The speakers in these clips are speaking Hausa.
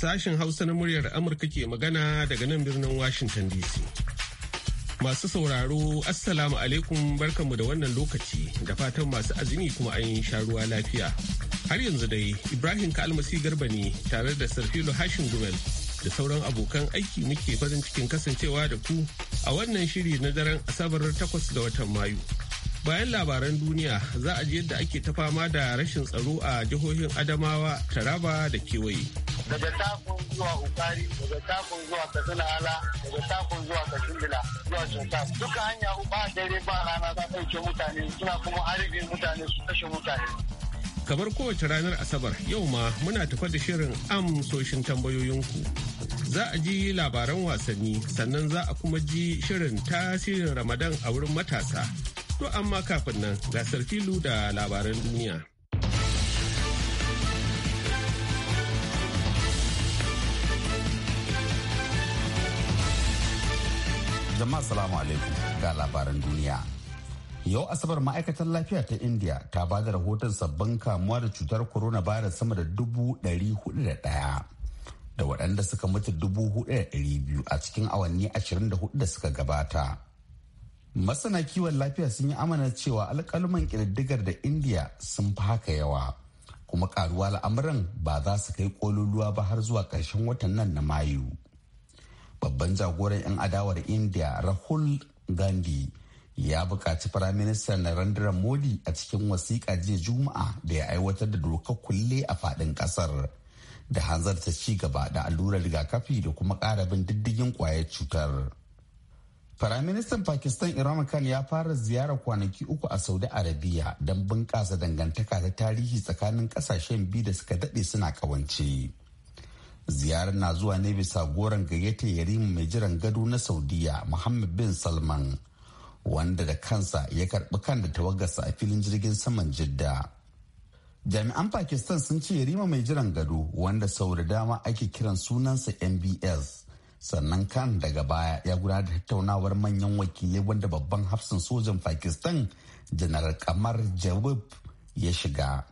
Sashen Hausa na muryar Amurka ke magana daga nan birnin Washington DC. Masu sauraro, Assalamu alaikum barkanmu da wannan lokaci da fatan masu azumi kuma an sha ruwa lafiya. Har yanzu dai, Ibrahim Kalmasi Garba ne tare da Sarfilo Hashin Gumel da sauran abokan aiki muke farin cikin kasancewa da ku a wannan shiri na daren Asabar Takwas ga watan Mayu. bayan labaran duniya za a ji yadda ake ta fama da rashin tsaro a jihohin adamawa taraba da kewaye daga tafin zuwa ukari daga tafin zuwa katsina ala daga tafin zuwa katsindila zuwa cinta duka hanya ba dare ba rana ta ɗauke mutane suna kuma harbin mutane su kashe mutane kamar kowace ranar asabar yau ma muna tafa da shirin amsoshin tambayoyinku za a ji labaran wasanni sannan za a kuma ji shirin tasirin ramadan a wurin matasa to amma kafin nan gasar filu da labaran duniya jama'a salamu alaikum ga labaran duniya yau asabar ma'aikatar lafiya ta india ta ba da rahoton sabbin kamuwa da cutar coronavirus sama da dubu dari hudu da daya da waɗanda suka mutu dubu hudu da dari biyu a cikin awanni ashirin da hudu da suka gabata masana kiwon lafiya sun yi amana cewa alƙaluman ƙididdigar da india sun fi haka yawa kuma ƙaruwa al'amuran ba za su kai ƙololuwa ba har zuwa ƙarshen watan nan na mayu. babban jagoran 'yan adawar india rahul gandhi ya buƙaci firaministan narendra modi a cikin wasiƙa jiya juma'a da ya aiwatar da dokar kulle a faɗin ƙasar da hanzarta ci gaba da allurar rigakafi da kuma ƙara bin diddigin ƙwayar cutar firaministan pakistan imran khan ya fara ziyarar kwanaki uku a saudi arabia don bunƙasa dangantaka ta tarihi tsakanin ƙasashen biyu da suka daɗe suna ƙawance. ziyarar na zuwa ne bisa goron gayyata yarima mai jiran gado na saudiya muhammad bin salman wanda da kansa ya karbi kan da tawagarsa a filin jirgin saman jidda jami'an pakistan sun ce yarima mai jiran gado wanda sau da dama ake kiran sunansa mbs sannan kan daga baya ya gudanar da tattaunawar manyan wakilai wanda babban hafsin sojan pakistan janar kamar jawab ya shiga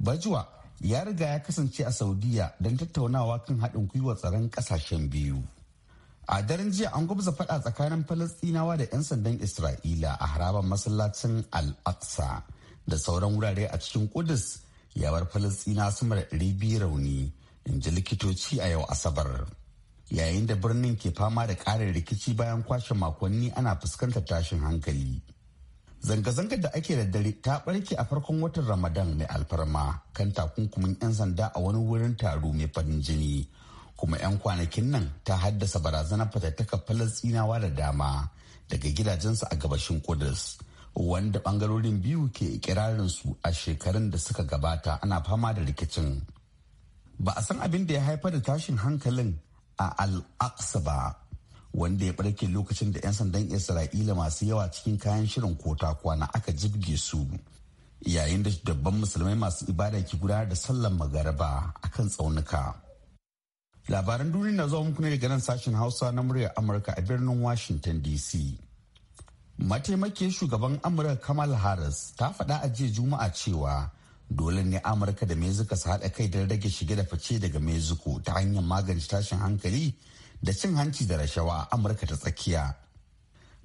bajuwa ya riga ya kasance a saudiya don tattaunawa kan haɗin gwiwa tsaron ƙasashen biyu a daren jiya an gwabza faɗa tsakanin falastinawa da 'yan sandan isra'ila a harabar masallacin al-aqsa da sauran wurare a cikin kudus yawar bar falastina sama da ɗari biyu rauni in ji likitoci a yau asabar yayin da birnin ke fama da ƙarin rikici bayan kwashe makonni ana fuskantar tashin hankali Zanga-zangar da ake da dare ta barke a farkon watan Ramadan mai alfarma kan takunkumin 'yan sanda a wani wurin taro mai farin jini. Kuma 'yan kwanakin nan ta haddasa barazanar fatattaka falastinawa da dama daga gidajensu a gabashin Kudus. Wanda bangarorin biyu ke ikirarin su a shekarun da suka gabata ana fama da rikicin. Ba a san abin da ya haifar da tashin hankalin a Al-Aqsa ba wanda ya barke lokacin da 'yan sandan isra'ila masu yawa cikin kayan shirin kota kwana aka jibge su yayin da dabban musulmai masu ibada ke gudanar da sallar magaraba akan tsaunuka labaran duniya na zuwa muku ne daga nan sashen hausa na muryar amurka a birnin washington dc mataimakiyar shugaban amurka kamal harris ta faɗa a jiya juma'a cewa dole ne amurka da mexico su haɗa kai don rage shige da fice daga mexico ta hanyar magance tashin hankali da cin hanci da rashawa a amurka ta tsakiya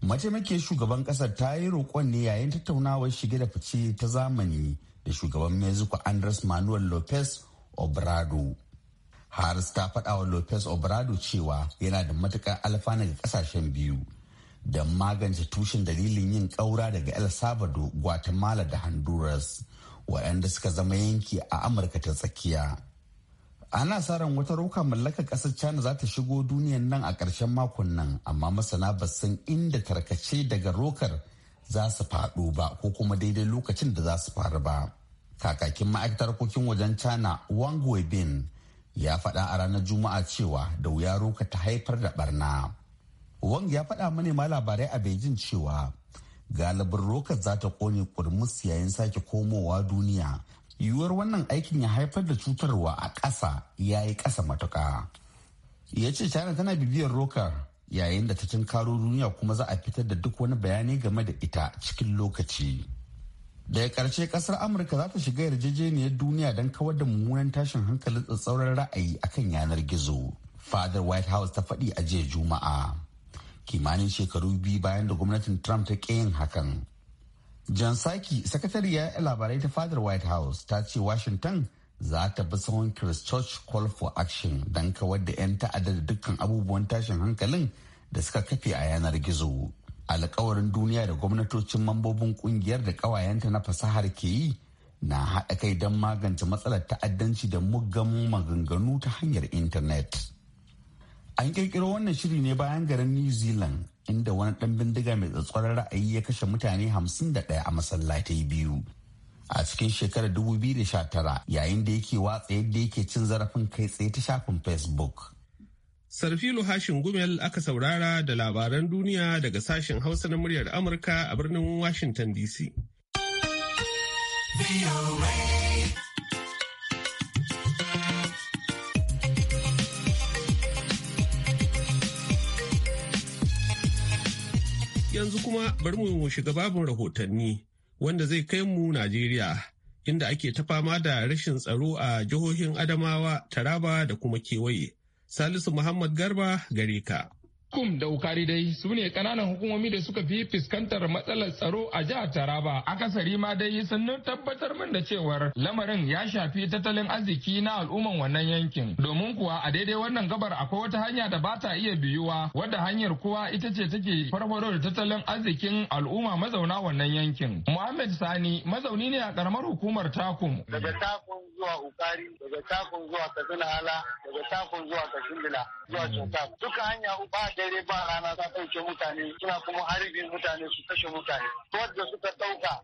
mataimakin shugaban kasar ta yi roƙon ne yayin tattaunawar shige da fice ta zamani da shugaban mexico andres manuel lopez obrado harris ta faɗa wa lopez obrado cewa yana da matuƙar alfana ga ƙasashen biyu don magance tushen dalilin yin ƙaura daga el salvador guatemala da honduras waɗanda suka zama yanki a amurka ta tsakiya ana sa ran wata roka mallaka kasar china za ta shigo duniyan nan a ƙarshen makon nan amma masana ba san inda tarkace daga rokar za su faɗo ba ko kuma daidai lokacin da za su faru ba kakakin ma'aikatar harkokin wajen china wang weibin ya faɗa a ranar juma'a cewa da wuya roka ta haifar da barna wang ya faɗa manema labarai a beijing cewa galibin rokar za ta kone kurmus yayin sake komowa duniya yiwuwar wannan aikin ya haifar da cutarwa a ƙasa ya yi ƙasa matuƙa ya ce china tana bibiyar rokar yayin da ta karo duniya kuma za a fitar da duk wani bayani game da ita cikin lokaci daga ƙarshe ƙasar amurka za ta shiga yarjejeniyar duniya don kawar da mummunan tashin hankalin tsatsauran ra'ayi akan yanar gizo fadar white house ta faɗi a jiya juma'a kimanin shekaru biyu bayan da gwamnatin trump ta ƙi yin hakan Jan Saki, sakatariyar labarai ta fadar White House ta ce Washington za ta bi tsawon Christchurch Call for Action don kawar da 'yan ta'adda da dukkan abubuwan tashin hankalin da suka kafe a yanar gizo. Alkawarin duniya da gwamnatocin mambobin kungiyar da ƙawayenta na fasahar ke yi na haɗa kai don magance matsalar ta'addanci da muggan maganganu ta hanyar intanet. An ƙirƙiro wannan shiri ne bayan garin New Zealand inda wani ɗan bindiga mai tsatsuwar ra'ayi ya kashe mutane 51 a masallatai biyu a cikin shekarar 2019 yayin da yake watsa yadda yake cin zarafin kai tsaye ta shafin facebook sarfilu hashin gumel aka saurara da labaran duniya daga sashen hausa na muryar amurka a birnin washington dc Yanzu kuma bari mu shiga babin rahotanni wanda zai kai mu Najeriya inda ake ta fama da rashin tsaro a jihohin Adamawa, Taraba da kuma kewaye. Salisu Muhammad Garba gare ka. Kum da Ukari dai su ne kananan hukumomi da suka fi fuskantar matsalar tsaro a jihar Taraba. Akasari ma dai sannan tabbatar min da cewar lamarin ya shafi tattalin arziki na al'umman wannan yankin. Domin kuwa a daidai wannan gabar akwai wata hanya da ba ta iya biyuwa wadda hanyar kuwa ita ce take farfaro da tattalin arzikin al'umma mazauna wannan yankin. Muhammad Sani mazauni ne a karamar hukumar Takum. Daga Takum zuwa ukari daga takun zuwa kasin hala daga takun zuwa bila zuwa cuta duka hanya ba dare ba rana ta ɗauke mutane suna kuma harbin mutane su kashe mutane wadda suka ɗauka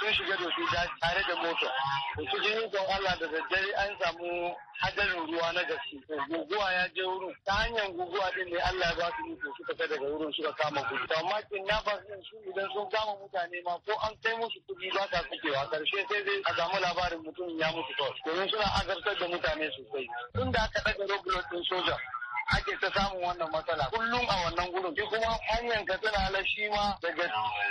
sun shiga da su tare da mota da cikin yin allah da daddare an samu hadarin ruwa na gaske guguwa ya je wurin ta hanyar guguwa din ne Allah ya ba su mutu suka kai daga wurin suka kama kuɗi to amma kidnappers din su idan sun kama mutane ma ko an kai musu kuɗi ba ta fikewa karshe sai dai a samu labarin mutum ya mutu control domin suna azabtar da mutane sosai tun da aka ɗaga regular ɗin soja ake ta samun wannan matsala kullum a wannan gurin shi kuma hanyar ka tana na shi ma daga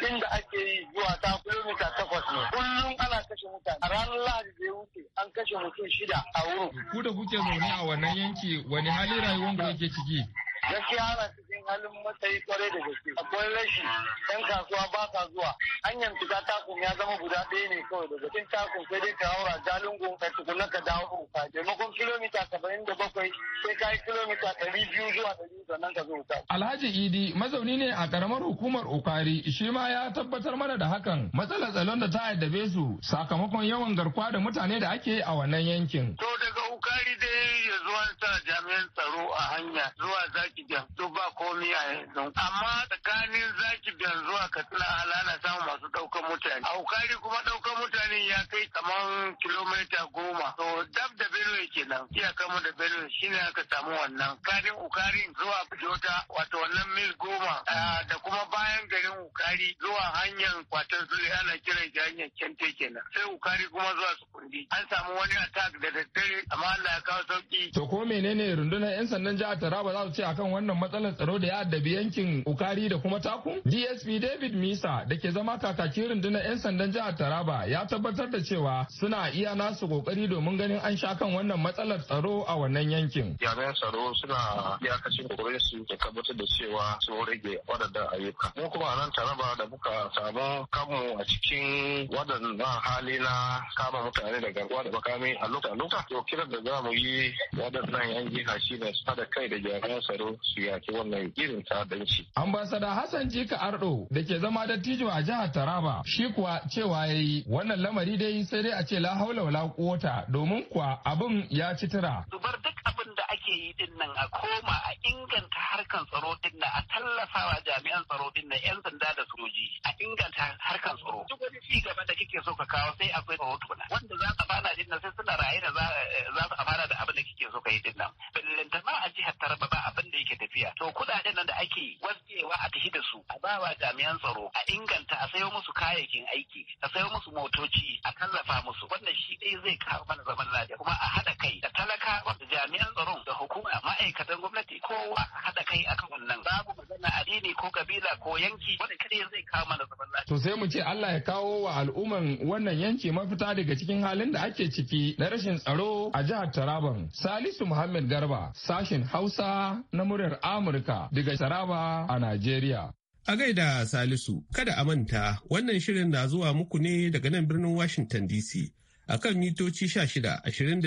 inda ake yi zuwa ta kilomita takwas ne kullum ana kashe mutane a ranar lahadi da ya wuce an kashe mutum shida a wurin ku da kuke zaune a wannan yanki wani hali rayuwar ku yake ciki gaskiya ana cikin halin matsayi kwarai da gaske akwai rashi yan kasuwa ba ka zuwa hanyar fita takun ya zama guda ɗaya ne kawai daga cikin takun sai dai ka haura jalingo ka tukuna ka dawo ka maimakon kilomita saba'in da bakwai sai ka yi kilomita ɗari biyu zuwa ɗari sannan ka zo ka. alhaji idi mazauni ne a ƙaramar hukumar Ukari, shi ma ya tabbatar mana da hakan matsalar tsaron da ta addabe su sakamakon yawan garkuwa da mutane da ake a wannan yankin. to daga ukari dai ya zuwa sa jami'an tsaro a hanya zuwa zaki zaki biyan duk ba komi a yanzu amma tsakanin zaki biyan zuwa katsina alana samun masu ɗaukar mutane a hukari kuma ɗaukar mutane ya kai kamar kilomita goma to dab da benue kenan iya kama da benue shine aka samu wannan kadin ukarin zuwa jota wato wannan mil goma da kuma bayan garin ukari zuwa hanyar kwatan zuri ana kiran shi hanyar kente kenan sai ukari kuma zuwa sukundi an samu wani attack da daddare amma Allah ya kawo sauki to ko menene rundunar yan sandan jihar Taraba za su ce akan kan wannan matsalar tsaro da ya addabi yankin Ukari da kuma Taku? DSP David Misa da ke zama kakakin rundunar 'yan sandan jihar Taraba ya tabbatar da cewa suna iya nasu kokari domin ganin an sha kan wannan matsalar tsaro a wannan yankin. Jami'an tsaro suna iyakacin kokarin su da tabbatar da cewa sun rage wadannan ayyuka. Mu kuma a nan Taraba da muka samu kanmu a cikin waɗannan hali na kama mutane da garkuwa da makami a lokacin To kiran da za mu yi waɗannan 'yan jiha shi ne su kai da jami'an tsaro su yaki wannan irin ta'addanci. Ambasada Hassan Jika Ardo da ke zama dattijo a jihar Taraba shi kuwa cewa ya yi wannan lamari dai sai dai a ce la haula wala kota domin kuwa abin ya ci tura. Zubar duk abin da ake yi din nan a koma a inganta harkan tsaro din nan a tallafawa jami'an tsaro din nan 'yan sanda da soji a inganta harkan tsaro. Duk wani ci gaba da kike so ka kawo sai akwai rahoto na wanda za ka bana din nan sai suna raye da za eh, su amana da abin suke so ka yi a jihar Taraba ba abin da yake tafiya. To kuɗaɗen nan da ake wasgewa a tafi da su a bawa jami'an tsaro a inganta a sayo musu kayayyakin aiki a sayo musu motoci a tallafa musu wannan shi ɗaya zai kawo mana zaman lafiya kuma a haɗa kai da talaka da jami'an tsaron da hukuma ma'aikatan gwamnati kowa a haɗa kai akan wannan babu magana addini ko kabila ko yanki wanda kada zai kawo mana zaman lafiya. To sai mu ce Allah ya kawo wa al'umman wannan yanki mafita daga cikin halin da ake ciki na rashin tsaro a jihar Taraban. Salisu Muhammad Garba, sashen Hausa na muryar Amurka daga Saraba a Najeriya. A gaida Salisu, kada a manta wannan shirin na zuwa muku ne daga nan birnin Washington DC a kan mitoci 16, ashirin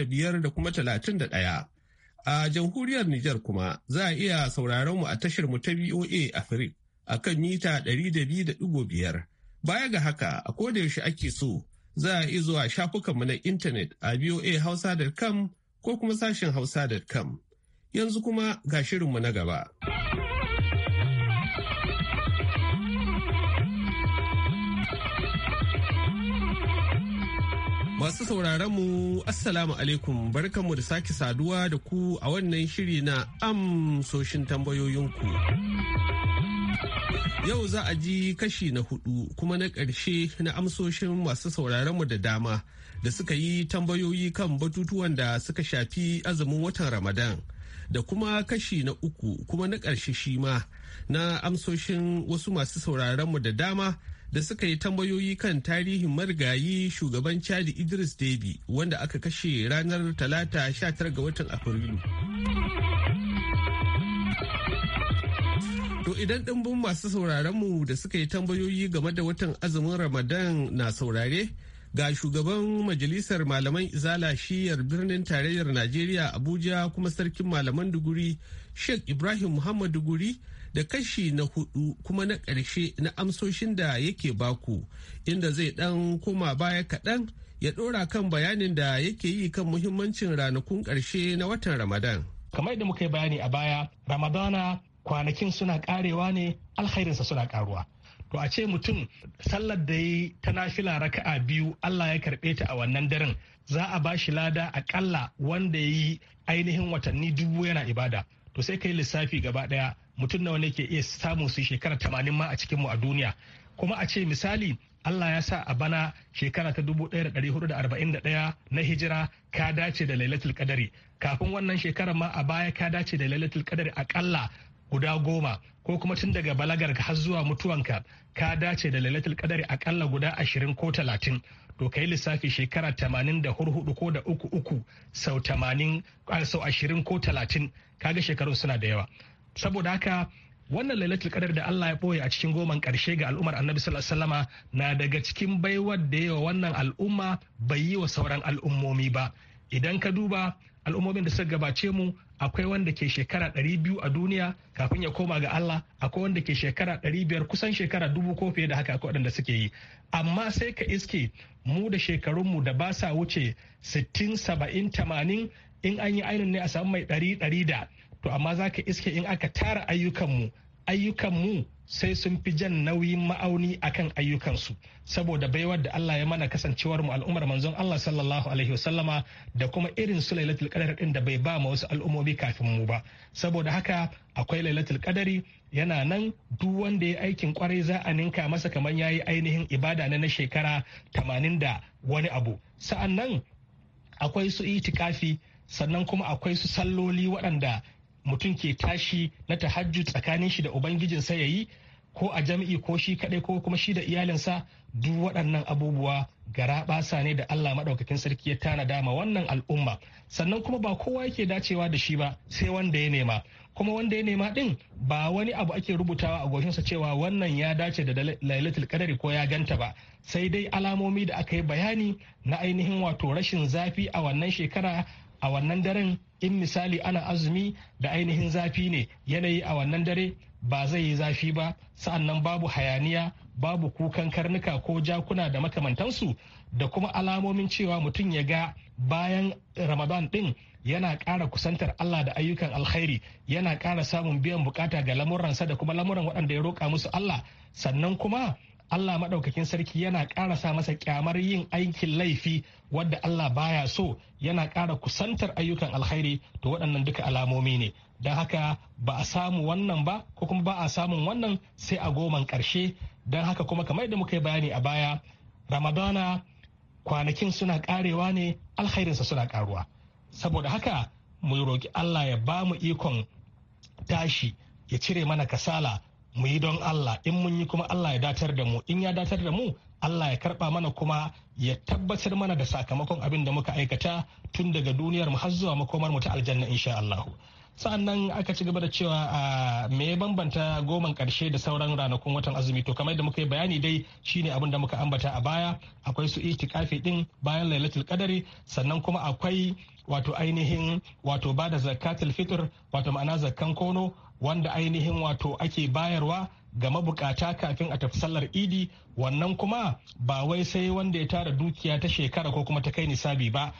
da kuma talatin da ɗaya. A jamhuriyar Nijar kuma za a iya sauraron mu a tashar mu ta VOA da a kan mita biyar. Baya ga haka, a koda yaushe ake so za a iya zuwa shafukanmu na intanet a voahausa.com ko kuma sashen hausa.com. Yanzu kuma ga shirinmu na gaba. Masu sauraronmu Assalamu alaikum barkanmu da sake saduwa da ku a wannan shiri na amsoshin tambayoyinku. Yau za a ji kashi na hudu kuma na ƙarshe na amsoshin masu sauraronmu mu da dama da suka yi tambayoyi kan batutuwan da suka shafi azumin watan Ramadan da kuma kashi na uku kuma na ƙarshe shi ma na amsoshin wasu masu sauraronmu da dama da suka yi tambayoyi kan tarihin marigayi shugaban Chadi Idris Deby wanda aka kashe ranar talata 19 ga watan Afrilu. To idan ɗimbin masu sauraronmu da suka yi tambayoyi game da watan azumin Ramadan na saurare, ga shugaban majalisar malaman izala shiyar birnin tarayyar najeriya abuja kuma sarkin malaman duguri sheikh ibrahim muhammad duguri da kashi na hudu kuma na ƙarshe na amsoshin da yake baku inda zai dan koma baya kaɗan ya ɗora kan bayanin da yake yi kan muhimmancin ranakun ƙarshe na watan ramadan kamar yadda muka yi bayani a baya ramadana kwanakin suna karewa ne alkhairinsa suna karuwa to a ce mutum sallar da yi ta nafila raka'a biyu Allah ya karɓe ta a wannan daren za a ba shi lada akalla wanda ya yi ainihin watanni dubu yana ibada to sai kai lissafi gaba ɗaya mutum nawa ne ke iya samun su shekara tamanin ma a cikinmu a duniya kuma a ce misali Allah ya sa a bana shekara ta dubu da da da 1441 na hijira ka dace da lailatul kadari kafin wannan shekarar ma a baya ka dace da lailatul kadari akalla guda goma ko kuma tun daga balagar har zuwa mutuwanka ka dace da lalatul kadari akalla guda ashirin ko talatin to yi lissafi shekara tamanin da hurhudu ko da uku uku sau tamanin sau ashirin ko talatin kaga shekarun suna da yawa saboda haka wannan lailatul kadar da Allah ya boye a cikin goman karshe ga al'ummar Annabi sallallahu na daga cikin baiwar da yawa wannan al'umma bai yi wa sauran al'ummomi ba idan ka duba al'ummomin da suka gabace mu akwai wanda ke shekara ɗari biyu a duniya kafin ya koma ga Allah akwai wanda ke shekara ɗari biyar kusan shekara dubu ko fiye da haka akwai waɗanda suke yi amma sai ka iske mu da shekarunmu da ba sa wuce sittin saba'in tamanin in an yi ainihin ne a samu mai ɗari ɗari da to amma za ka iske in aka tara ayyukanmu ayyukanmu sai sun fi jan nauyin ma'auni akan ayyukansu saboda baiwar da Allah ya mana kasancewar mu al'ummar manzon Allah sallallahu alaihi wasallama da kuma irin su lailatul qadar din da bai ba ma wasu al'ummomi kafin mu ba saboda haka akwai lailatul qadari yana nan duk wanda ya aikin kwarai za a ninka masa kamar yayi ainihin ibada na na shekara 80 da wani abu sa'an nan akwai su itikafi sannan kuma akwai su salloli waɗanda mutum ke tashi na tahajjud tsakanin shi da ubangijinsa ya yi ko a jami'i ko shi kaɗai ko kuma shi da iyalinsa duk waɗannan abubuwa gara basa ne da Allah maɗaukakin sarki ya tana dama wannan al'umma sannan kuma ba kowa yake dacewa da shi ba sai wanda ya nema kuma wanda ya nema ɗin ba wani abu ake rubutawa a goshinsa cewa wannan ya dace da lailatul kadari ko ya ganta ba sai dai alamomi da aka yi bayani na ainihin wato rashin zafi a wannan shekara a wannan daren in misali ana azumi da ainihin zafi ne yanayi a wannan dare ba zai yi zafi ba sannan babu hayaniya babu kukan karnuka ko jakuna da makamantansu da kuma alamomin cewa mutum ya ga bayan ramadan din yana ƙara kusantar Allah da ayyukan alkhairi yana ƙara samun biyan bukata ga lamuransa da kuma lamuran waɗanda ya roƙa musu Allah sannan kuma Allah maɗaukakin sarki yana ƙara sa masa kyamar yin aikin laifi wadda Allah baya so yana ƙara kusantar ayyukan alkhairi to waɗannan duka alamomi ne don haka ba a samu wannan ba ko kuma ba a samun wannan sai a goman ƙarshe don haka kuma kamar da muka yi bayani a baya ramadana kwanakin suna ƙarewa ne alhairinsa suna ƙaruwa saboda haka mu roƙi Allah ya ba mu ikon tashi ya cire mana kasala mu yi don Allah in mun yi kuma Allah ya datar da mu in ya datar da mu Allah ya karba mana kuma ya tabbatar mana da sakamakon abin da muka aikata tun daga duniyar mu har zuwa makomar mu ta aljanna insha Allah sa'annan aka ci gaba da cewa ah, me ya bambanta goman karshe da sauran ranakun watan azumi to kamar da muka yi bayani dai shine abin da muka ambata a baya akwai su itikafi din bayan lailatul qadari sannan kuma akwai wato ainihin wato bada zakatul fitr wato ma'ana zakkan kono wanda ainihin wato ake bayarwa ga mabukata kafin a tafi sallar idi wannan kuma ba wai sai wanda ya tara dukiya ta shekara ko kuma ta kai nisabi ba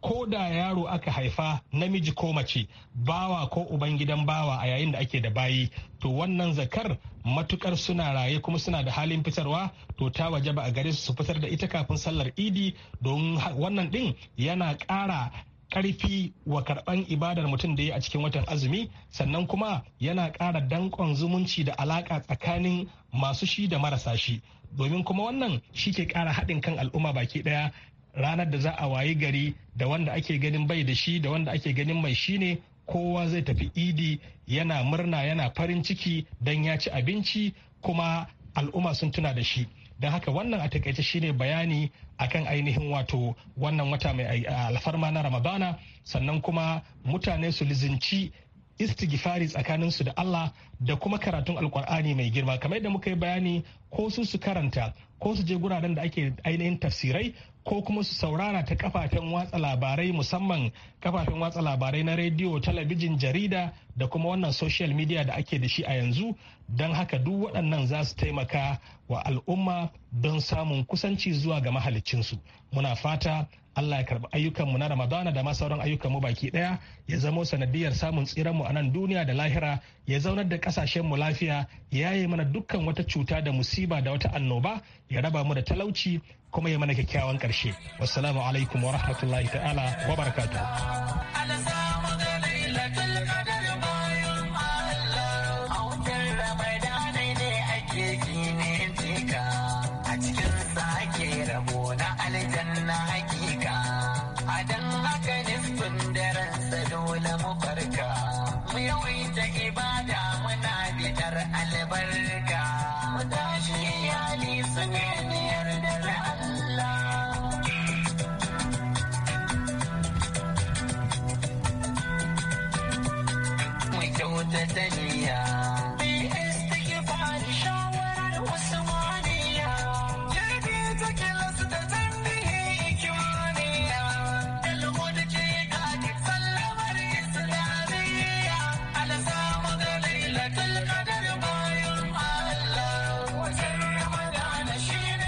ko da yaro aka haifa namiji ko mace bawa ko ubangidan bawa a yayin da ake da bayi to wannan zakar matukar suna raye kuma suna da halin fitarwa to ta waje ba a gare su fitar da ita kafin sallar idi don wannan din yana kara. karfi wa karban ibadar mutum da ya a cikin watan azumi sannan kuma yana ƙara dankon zumunci da alaƙa tsakanin masu shi da marasa shi domin kuma wannan shi ke ƙara haɗin kan al'umma baki ɗaya ranar da za a wayi gari da wanda ake ganin bai da shi da wanda ake ganin mai shi ne kowa zai tafi idi yana murna yana farin ciki don ya ci abinci kuma al'umma sun tuna da shi Da haka wannan a takaice shine bayani akan ainihin wato wannan wata mai eh, alfarma na ramadana sannan kuma mutane su lizinci istighfari su da Allah da kuma karatun alkur'ani mai girma kamar yadda muka yi bayani ko su su karanta ko su je guraren da ake ainihin tafsirai ko kuma su saurara ta kafafen watsa labarai musamman kafafen watsa labarai na rediyo talabijin jarida da kuma wannan social media da ake da shi a yanzu don haka duk waɗannan za su taimaka wa al'umma don samun kusanci zuwa ga mahalicinsu muna fata Allah ya karbi ayyukanmu na Ramadana da ma sauran ayyukanmu baki ɗaya ya zamo sanadiyar samun tsiranmu a nan duniya da lahira ya zaunar da kasashenmu lafiya ya yi mana dukkan wata cuta da musiba da wata annoba ya raba mu da talauci kuma ya mana kyakkyawan ƙarshe wassalamu alaikum wa rahmatullahi ta'ala wa barakatuh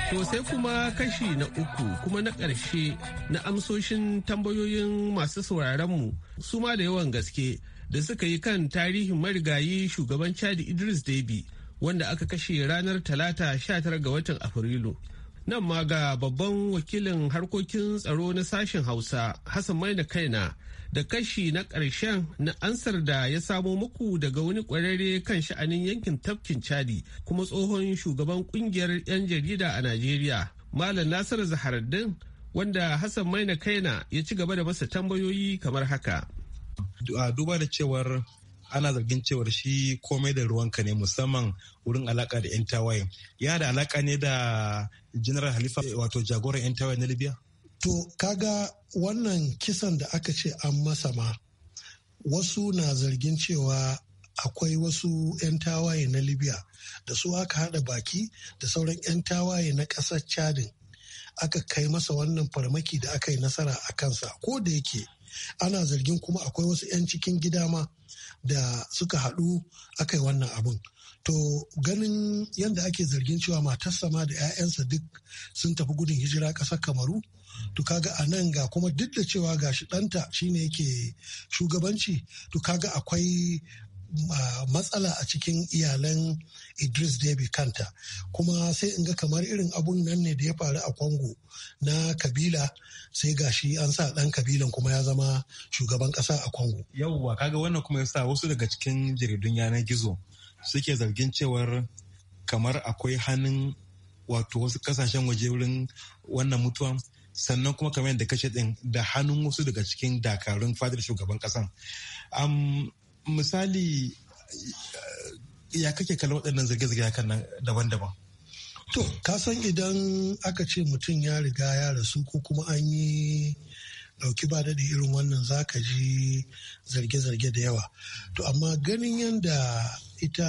To sai kuma kashi na uku kuma na ƙarshe na amsoshin tambayoyin masu sauraronmu su ma da yawan gaske da suka yi kan tarihin marigayi shugaban Chadi Idris Deby wanda aka kashe ranar talata 19 ga watan Afrilu. Nan ma ga babban wakilin harkokin tsaro na sashen Hausa Hassan Maina Kaina da kashi na ƙarshen na ansar da ya samo muku daga wani ƙwararre kan sha'anin yankin tafkin chadi kuma tsohon shugaban ƙungiyar 'yan jarida a najeriya malam nasiru zaharaddin wanda hassan maina kaina ya ci gaba da masa tambayoyi kamar haka duba da cewar ana zargin cewar shi komai da ruwanka ne musamman wurin alaka da 'yan tawaye ya da alaka ne da general halifa wato jagoran 'yan tawaye na libya To kaga wannan kisan da aka ce an masa ma wasu na zargin cewa akwai wasu 'yan tawaye na Libya da su aka haɗa baki da sauran 'yan tawaye na ƙasar Chadin aka kai masa wannan farmaki da aka yi nasara a kansa ko da yake ana zargin kuma akwai wasu 'yan cikin gida ma da suka haɗu aka yi wannan abin. To ganin yadda ake zargin cewa matarsa ma da 'ya'yansa duk sun tafi gudun hijira ƙasar Kamaru to kaga a nan ga kuma duk da cewa ga shi ɗanta shine yake shugabanci to kaga akwai matsala a cikin iyalan Idris Deby kanta kuma sai in ga kamar irin abun nan ne da ya faru a Congo na kabila sai ga shi an sa ɗan kabilan kuma ya zama shugaban kasa a Congo. Yawwa kaga wannan kuma ya sa wasu daga cikin jaridun yanar gizo suke zargin cewar kamar akwai hannun wato wasu kasashen waje wurin wannan mutuwa? sannan kuma kamar yadda kashe din da hannun wasu daga cikin dakarun fadar shugaban kasan misali ya kake kallon waɗannan zirge-zirge kan nan daban-daban to kasan idan aka ce mutum ya riga ya rasu ko kuma an yi dauki ba daɗi irin wannan zaka ji zarge-zarge da yawa to amma ganin yadda ita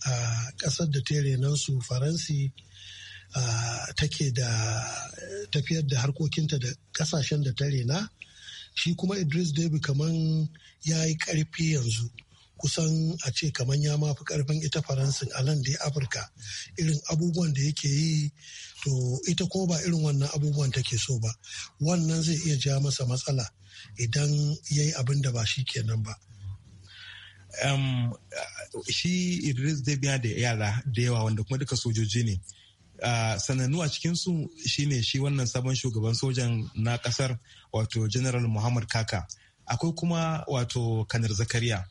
a ƙasar da ta renansu faransi take da tafiyar da harkokinta da kasashen da ta rena shi kuma idris debi kaman ya yi karfi yanzu kusan a ce kaman ya mafi karfin ita faransin a nan da afirka irin abubuwan da yake yi to ita ko ba irin wannan abubuwan take so ba wannan zai iya ja masa matsala idan ya yi abin da ba shi kenan ba shi idris debi da yara da yawa wanda kuma duka sojoji ne sanannu a cikinsu shine shi wannan sabon shugaban sojan na kasar wato general muhammad kaka akwai kuma wato kanar zakariya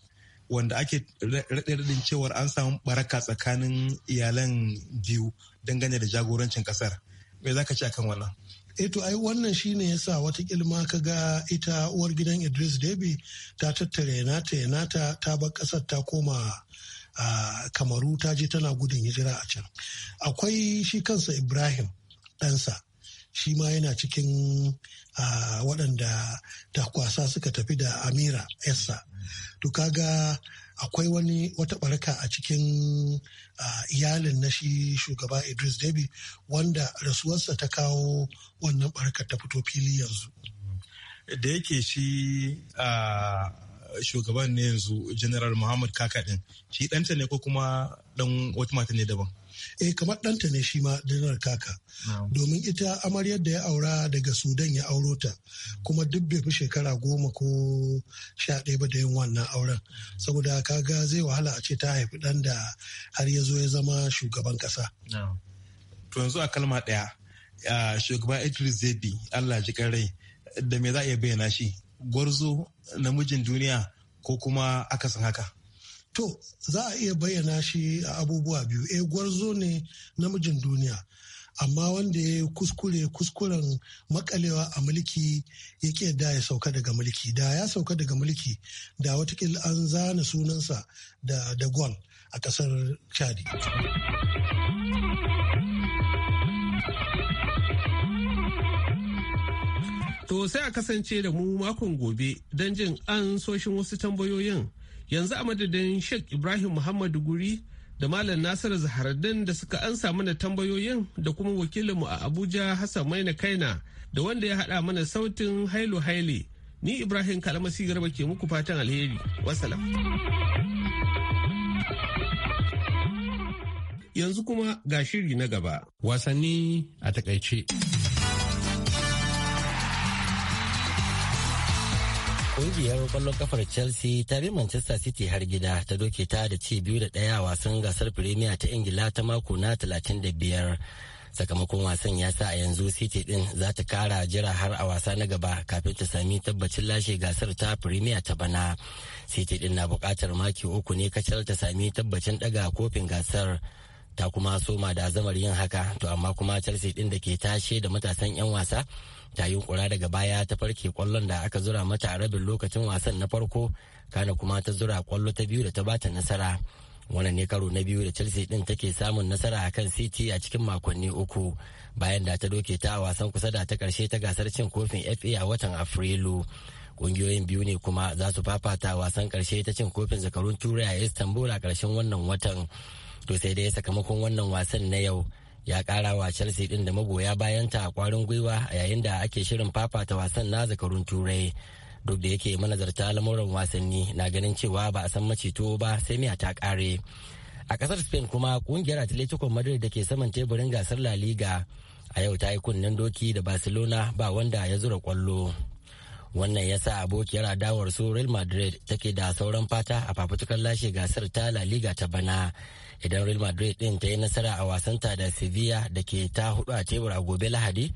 wanda ake raɗin cewar an samu baraka tsakanin iyalan biyu dangane da jagorancin kasar me za ka ce akan wannan eto eh ai wannan shine yasa wata kilma ka ga ita uwar gidan Idris debi ta tattare nata ya nata ta bar ƙasar ta koma a kamaru ta je tana gudun hijira a can akwai shi kansa ibrahim ɗansa shi ma yana cikin waɗanda kwasa suka tafi da amira essa to kaga akwai wani wata ɓarka a cikin iyalin na shi shugaba idris debi wanda rasuwarsa ta kawo wannan ɓarkar ta fito fili yanzu da yake shi shugaban ne yanzu general muhammad kaka din shi danta ne ko kuma dan wata mata ne daban eh kamar danta ne shi ma general kaka domin ita amaryar da ya aura daga sudan ya auro ta kuma duk bai fi shekara goma ko sha ɗaya ba da yin wannan auren saboda kaga zai wahala a ce ta haifi ɗan da har ya zo ya zama shugaban ƙasa. to yanzu a kalma ɗaya ah, shugaba idris zebi allah ji rai da me za a iya bayyana shi gwarzo namijin duniya ko kuma akasin haka to za a iya bayyana shi a abubuwa biyu e gwarzo ne namijin duniya amma wanda ya kuskure kuskuren makalewa a mulki ya ƙi da ya sauka daga mulki da ya sauka daga mulki da watakila an zana sunansa da da gwal a ƙasar chadi sai a kasance da mu makon gobe don jin an soshin wasu tambayoyin yanzu a madadin Sheikh Ibrahim Muhammadu Guri da Malam Nasiru Zaharaddin da suka ansa mana tambayoyin da kuma wakilinmu a Abuja Hassan Maina Kaina da wanda ya haɗa mana sautin Hailu Haile. Ni Ibrahim Kalmasi Garba ke muku fatan alheri. Wasalam. Yanzu kuma ga shiri na gaba. Wasanni a takaice. Kungiyar kwallon kafar Chelsea ta bi Manchester City har gida ta doke ta da ci biyu da ɗaya wasan gasar Premier ta Ingila ta mako na 35. Sakamakon wasan ya sa a yanzu City ɗin za ta kara jira har a wasa na gaba kafin ta sami tabbacin lashe gasar ta Premier ta bana. City ɗin na buƙatar maki uku ne kacal ta sami tabbacin ɗaga kofin gasar. ta kuma soma da azamar yin haka to amma kuma chelsea din da ke tashe da matasan 'yan wasa ta yi yunkura daga baya ta farke kwallon da aka zura mata a rabin lokacin wasan na farko kana kuma ta zura kwallo ta biyu da ta bata nasara wannan ne karo na biyu da chelsea din take samun nasara akan city a cikin makonni uku bayan da ta doke ta a wasan kusa da ta karshe ta gasar cin kofin fa a watan afrilu kungiyoyin biyu ne kuma za su fafata wasan karshe ta cin kofin zakarun turai a istanbul a karshen wannan watan to sai dai sakamakon wannan wasan na yau ya kara wa chelsea din da magoya bayanta a kwarin gwiwa a yayin da ake shirin fafata wasan na zakarun turai duk da yake manazarta lamuran wasanni na ganin cewa ba a san macito ba sai miya ta kare a kasar spain kuma kungiyar atletico madrid da ke saman teburin gasar la liga a yau ta yi kunnen doki da barcelona ba wanda ya zura kwallo wannan ya sa abokiyar adawar su real madrid take da sauran fata a fafutukar lashe gasar ta la liga ta bana idan real madrid din ta yi nasara a wasanta da sevilla da ke ta hudu a tebur a gobe lahadi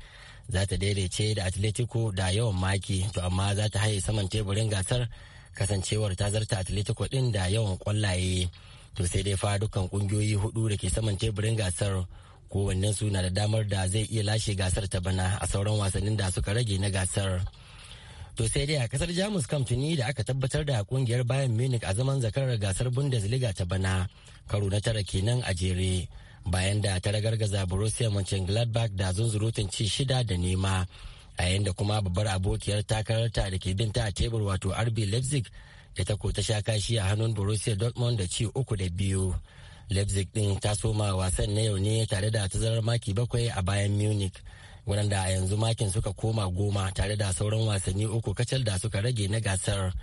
za ta daidaice da atletico da yawan maki to amma za ta haye saman teburin gasar kasancewar ta zarta atletico din da yawan kwallaye to sai dai fa dukkan kungiyoyi hudu da ke saman teburin gasar kowannen su na da damar da zai iya lashe gasar ta bana a sauran wasannin da suka rage na gasar. To sai dai a kasar Jamus kam tuni da aka tabbatar da kungiyar bayan Munich a zaman zakarar gasar Bundesliga ta bana karo na tara kenan a jere bayan da ta ragargaza Borussia Mönchengladbach da zunzurutun ci shida da nema a yayin kuma babbar abokiyar takarar ta da ke bin ta a tebur wato RB Leipzig da ta ta sha kashi a hannun Borussia Dortmund da ci uku da biyu. Leipzig ɗin ta soma wasan na yau ne tare da tazarar maki bakwai a bayan Munich. waɗanda a yanzu makin suka koma goma tare da sauran wasanni uku kacal da suka rage na gasar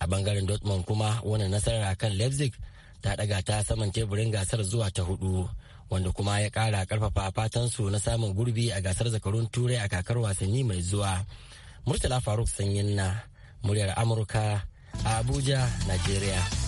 a bangaren dortmund kuma wani nasarar kan leipzig ta ɗaga ta saman teburin gasar zuwa ta hudu wanda kuma ya ƙara ƙarfafa fatansu na samun gurbi a gasar zakarun turai a kakar wasanni mai zuwa murtala faruk sanyin na muryar amurka a abuja nigeria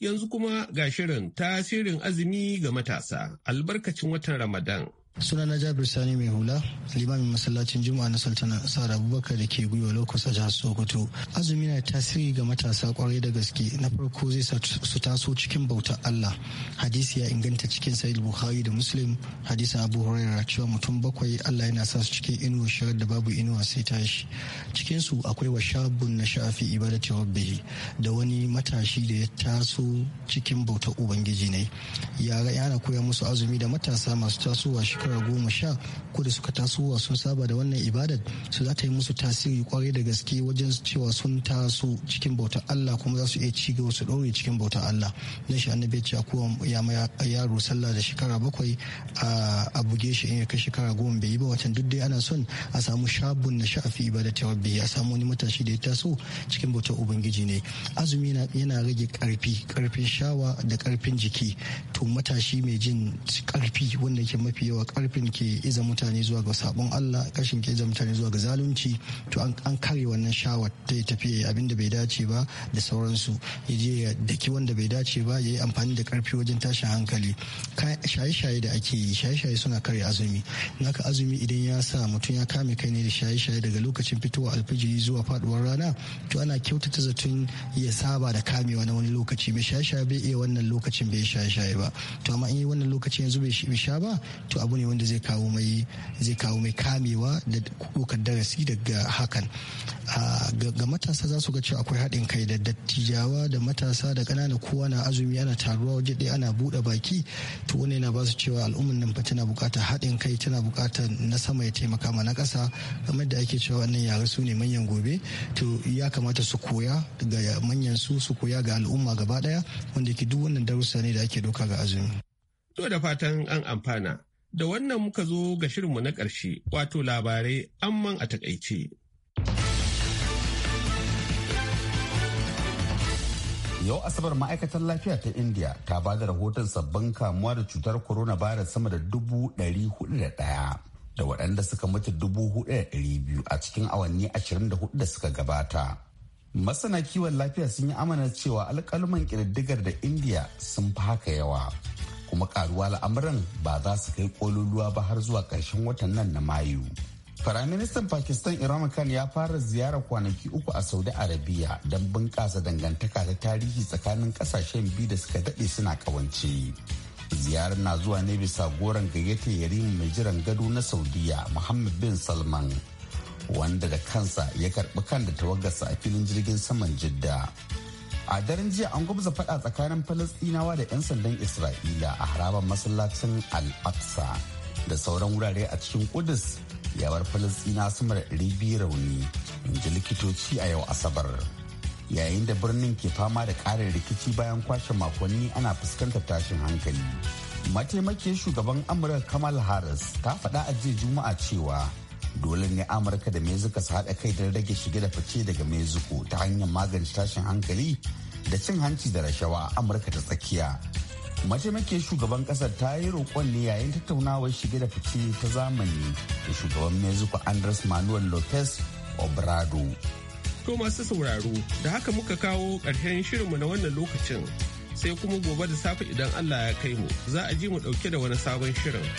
Yanzu kuma ga shirin tasirin azumi ga matasa albarkacin watan Ramadan suna na jabir sani mai hula limamin masallacin juma'a na sultana sara abubakar da ke gwiwa lokacin a jihar sokoto azumi na tasiri ga matasa kwarai da gaske na farko zai sa su taso cikin bauta allah hadisi ya inganta cikin sahih bukhari da muslim hadisin abu hurairah cewa mutum bakwai allah yana sa su cikin inuwa shirar da babu inuwa sai tashi cikin su akwai wa shabun na ibada ibadati rabbihi da wani matashi da ya taso cikin bauta ubangiji ne yara yana koya musu azumi da matasa masu tasowa shi shekara goma sha ko da suka tasowa sun saba da wannan ibadar su za ta yi musu tasiri kwarai da gaske wajen cewa sun taso cikin bautar Allah kuma za su iya ci gaba su ɗaure cikin bautar Allah na shi annabi ya ce a kowa yaro sallah da shekara bakwai a buge shi in ya kai shekara goma bai yi ba watan duk dai ana son a samu shabun na sha'afi ta rabbi a samu wani matashi da ya taso cikin bautar ubangiji ne azumi yana rage karfi karfin shawa da karfin jiki to matashi mai jin karfi wanda ke mafi yawa karfin ke iza mutane zuwa ga sabon Allah kashin ke iza mutane zuwa ga zalunci to an kare wannan shawar ta ya tafiya abin da bai dace ba da sauransu ya je ya daki wanda bai dace ba ya yi amfani da karfi wajen tashin hankali shaye-shaye da ake yi shaye-shaye suna kare azumi naka azumi idan ya sa mutum ya kame kai ne da shaye-shaye daga lokacin fitowa alfijiri zuwa faduwar rana to ana kyautata zaton ya saba da kamewa na wani lokaci mai shaye-shaye bai iya wannan lokacin bai shaye-shaye ba to amma in yi wannan lokacin yanzu bai sha ba to abu ne wanda zai kawo mai zai kawo mai kamewa da kokar darasi daga hakan ga matasa za su ga cewa akwai haɗin kai da dattijawa da matasa da ƙanana kowa na azumi ana taruwa waje ɗaya ana buɗe baki to wani yana ba su cewa al'ummar nan fa tana buƙatar haɗin kai tana buƙatar na sama ya taimaka ma na ƙasa kamar da ake cewa wannan yare su ne manyan gobe to ya kamata su koya daga manyan su su koya ga al'umma gaba ɗaya wanda ke duk wannan darussa ne da ake doka ga azumi. To da fatan an amfana. Da wannan muka zo ga shirinmu na ƙarshe, wato labarai an man a takaice. Yau Asabar ma'aikatar lafiya ta India ta ba da rahoton sabbin kamuwa da cutar corona coronavirus sama da dubu ɗari hudu da ɗaya da waɗanda suka mutu dubu hudu da ɗari biyu a cikin awanni ashirin da hudu da suka gabata. Masana kiwon lafiya sun yi amana cewa alƙaluman ƙididdigar da India sun fi haka yawa. kuma karuwa al'amuran ba za su kai kololuwa ba har zuwa ƙarshen watan nan na mayu Firaministan Pakistan Imran Khan ya fara ziyarar kwanaki uku a Saudi Arabia don bunƙasa dangantaka ta tarihi tsakanin ƙasashen biyu da suka daɗe suna ƙawance. Ziyarar na zuwa ne bisa goron gayyata yarima mai jiran gado na Saudiya Muhammad bin Salman wanda da kansa ya karɓi kan da tawagarsa a filin jirgin saman Jidda a daren jiya an gwamza fada tsakanin Falasɗinawa da 'yan sandan isra'ila a harabar masallacin al-aqsa da sauran wurare a cikin kudus yawar Falasɗina sama da biyu rauni in ji likitoci a yau asabar yayin da birnin ke fama da ƙarin rikici bayan kwashe makonni ana fuskantar tashin hankali mataimakiyar shugaban amurka kamal harris ta faɗa a jiya juma'a cewa dole ne amurka da mexico su haɗa kai don rage shige da fice daga mexico ta hanyar magance tashin hankali da cin hanci da rashawa a amurka ta tsakiya mataimakin shugaban kasar ta yi roƙon ne yayin tattaunawar shige da fice ta zamani da shugaban mexico andres manuel lopez obrado to masu sauraro da haka muka kawo ƙarshen shirinmu na wannan lokacin sai kuma gobe da safe idan allah ya kai mu za a ji mu ɗauke da wani sabon shirin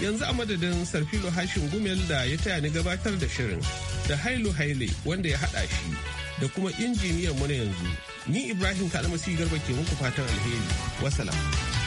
yanzu a madadin sarfilo hashin gumel da ya taya ni gabatar da shirin da hailu haile wanda ya haɗa shi da kuma injiniyan mu na yanzu ni ibrahim kalmasi garba ke muku fatan alheri wasalam